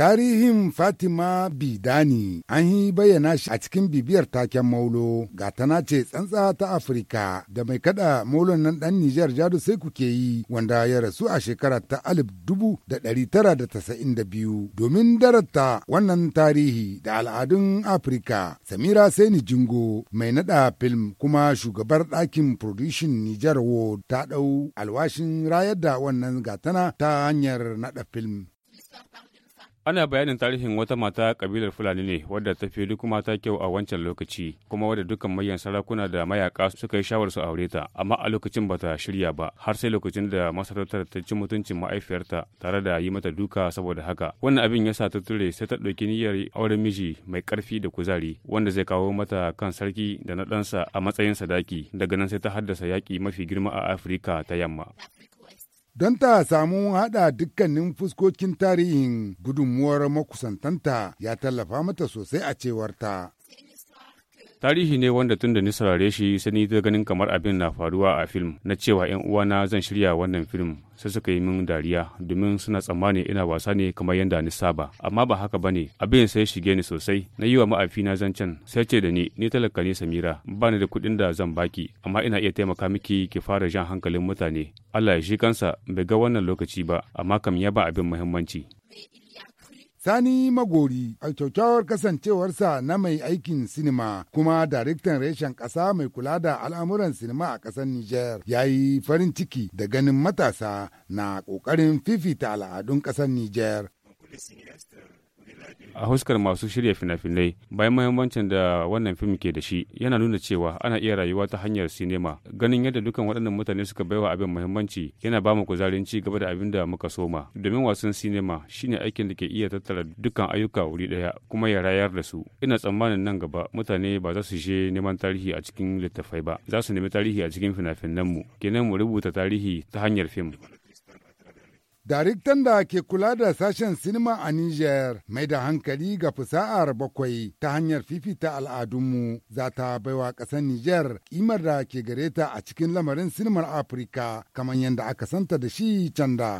Tarihin Fatima Bidani an yi bayyana shi a cikin bibiyar taken Maulo, gatana ce tsantsa ta Afirka da mai kada Maulon nan ɗan Nijar Jadu sai kuke yi wanda ya rasu a shekara ta alif dubu da ɗari tara da tasa'in da biyu domin darata wannan tarihi da al'adun Afirka. Samira Saini Jingo mai nada film kuma shugabar ɗakin production Nijar World ta ɗau alwashin rayar da wannan gatana ta hanyar nada film. ana bayanin tarihin wata mata kabilar fulani ne wadda ta fi duk mata kyau a wancan lokaci kuma wadda dukkan manyan sarakuna da mayaka suka yi shawar su aure ta amma a lokacin bata shirya ba har sai lokacin da masarautar ta ci mutuncin ma'aifiyarta tare da yi mata duka saboda haka wannan abin ya sa ta ture sai ta ɗauki niyyar auren miji mai ƙarfi da kuzari wanda zai kawo mata kan sarki da na ɗansa a matsayin sadaki daga nan sai ta haddasa yaƙi mafi girma a afirka ta yamma don ta samu haɗa dukkanin fuskokin tarihin gudunmuwar makusantanta ya tallafa mata sosai a cewarta. Tarihi ne wanda tun da ni saurare shi sai ni ta ganin kamar abin na faruwa a film na cewa 'yan uwana zan shirya wannan film sai suka yi min dariya domin suna tsammani ina wasa ne kamar yadda ni saba amma ba haka bane abin sai shige ni sosai na yi wa ma'afi na zancen sai ce da ni ni talaka ne Samira ba ni da kuɗin da zan baki amma ina iya taimaka miki ki fara jan hankalin mutane Allah ya shi kansa bai ga wannan lokaci ba amma kam ya ba abin muhimmanci Sani Magori a kyaukyawar kasancewarsa na mai aikin sinima kuma daraktan reshen ƙasa mai kula da al'amuran sinima a ƙasar Nijar ya yi farin ciki da ganin matasa na ƙoƙarin fifita al'adun ƙasar Nijar. a huskar masu shirya fina-finai bayan mahimmancin da wannan fim ke da shi yana nuna cewa ana iya rayuwa ta hanyar sinema ganin yadda dukan waɗannan mutane suka baiwa abin mahimmanci yana ba mu kuzarin ci gaba da abin da muka soma domin wasan sinema shine aikin da ke iya tattara dukkan ayyuka wuri ɗaya kuma ya rayar da su ina tsammanin nan gaba mutane ba za su je neman tarihi a cikin littattafai ba za su nemi tarihi a cikin fina mu kenan mu rubuta tarihi ta hanyar fim Daraktan da ke kula da sashen sinima a Niger mai da hankali ga fasa'ar bakwai ta hanyar fifita al'adunmu za ta baiwa ƙasar Niger kimar da ke gare ta a cikin lamarin sinimar Afirka kamar yadda aka santa da shi canda.